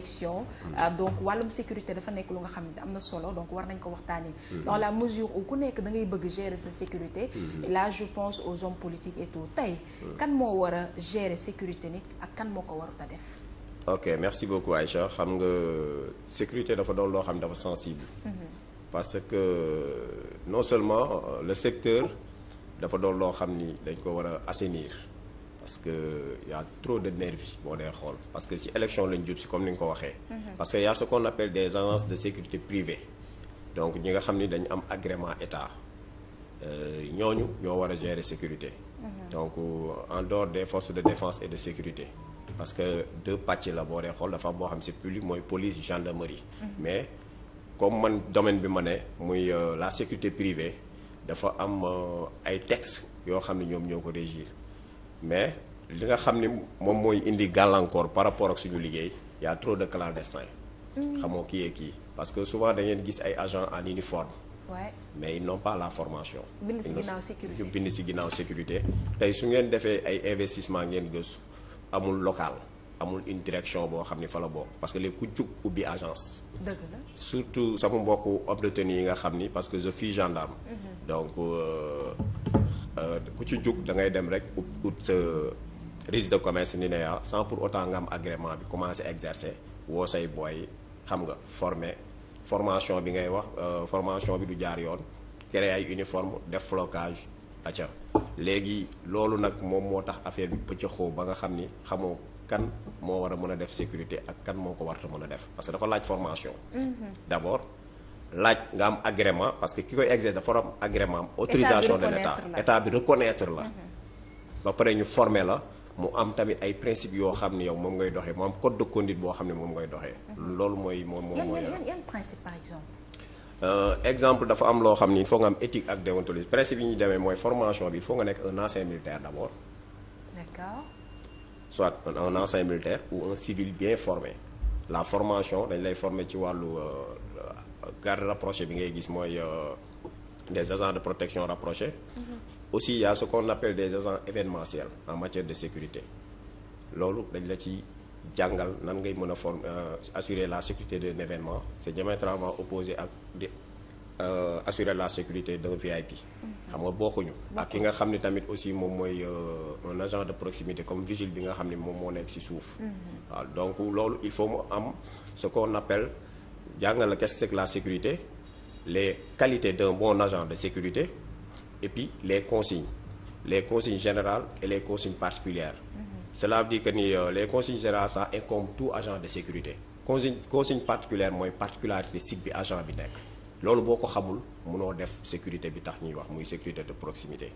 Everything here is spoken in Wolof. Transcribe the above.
élection euh, donc wàllum sécurité dafa nekk lu nga xam ne am na solo donc war nañ ko waxtaanee mm-hmm. dans la mesure où ku nekk da ngay bëgg gérer sa sécurité et mm-hmm. là je pense aux hommes politiques et tout tey kan moo war a gérer sécurité nit ak kan moo ko warut a def ok merci beaucoup Aïcha xam nga euh, sécurité dafa doon loo xam ne dafa sensible mm-hmm. parce que euh, non seulement le secteur dafa doon loo xam ni dañ ko war a assainir parce que y a trop de nervis boo dee xool parce que ci élection lañ jub si comme ni nga ko waxee. Mhm. parce que y a ce qu'on appelle des agences de sécurité privée donc ñi nga xam ni dañu am agrément état euh, ñooñu ñoo war a gérer sécurité. Mhm. donc euh, en dehors des forces de défense et de sécurité. parce que deux pàcc la boo dee xool dafa am boo xam si public mooy police gendarmerie. Mhm. mais comme man domaine bi ma ne muy euh, la sécurité privée dafa am ay text yoo xam ne ñoom ñoo ko régir mais. li nga xam ni moom mooy indi gàllankoor par rapport ak suñu liggéey y a trop de clandestins. Mm. xamoo kii yee kii parce que souvent da ngeen gis ay agents en uniforme. Ouais. mais ils pas la formation. bind si ginnaaw sécurité si ginnaaw sécurité. tey su ngeen defee ay investissement ngeen gëstu amul local amul une direction boo xam ni fa la bokk parce que léegi ku jug ubbi agence. surtout sama mbokk homme de tenue yi nga xam ni parce que je suis gendarme. Mm-hmm. donc euh, euh, ku ci jug da ngay dem rek ut ut sa. registre de commerce ni ne ah sans pour autant nga am agrément bi commencer exercer woo say booy xam nga former formation bi ngay wax euh, formation bi du jaar yoon kere ay uniforme def flocage acca léegi loolu nag moom moo tax affaire bi pëccëxoo ba nga xam ni xamoo kan moo war a mën a def sécurité ak kan moo ko warta mën a def parce que dafa laaj formation mhm. d'abord laaj nga am agrément parce que ki koy exercer dafa am agrément autorisation de l'état état bi reconnaître la mhm. ba pare ñu former la mu am tamit ay principe yoo xam ne yow moom ngay doxee mu am code de conduite boo xam ne moom ngay doxee. Mhm. loolu mooy moom moom mooy. yan yan principe par exemple. Euh, exemple dafa am loo xam ni il faut nga am éthique ak déontologie principe yi ñu demee mooy formation bi il faut nga nekk un ancien militaire d' abord. d' accord. soit un ancien militaire ou un civil bien formé la formation dañ lay former ci wàllu euh, garde rapproché bi ngay gis mooy. Euh, des agents de protection rapprochés. Mm -hmm. aussi il y a ce des agents événementiels en matière de sécurité loolu dañ la ci jàngal nan ngay mën a former euh, assurer la sécurité d'un événement c'est diamétralement opposé ak Euh, assurer la sécurité d'un VIP. Mhm. xam nga bokkuñu. ak ki nga xam ne tamit aussi moom mooy euh, un agent de proximité comme vigile bi nga xam ni moom moo nekk ci suuf. Mhm. waaw donc loolu il faut mu am ce qu'on appelle jàngal la quest la sécurité les qualité d'un bon agent de sécurité et puis les consignes les consignes générales et les consignes particulières mm -hmm. cela veut dire que ni euh, les consignes générales ça incombe tout agent de sécurité consigne consigne particulière mooy particularité site bi agent bi nekk loolu boo ko xamul mënoo def sécurité bi tax ñuy wax muy sécurité de proximité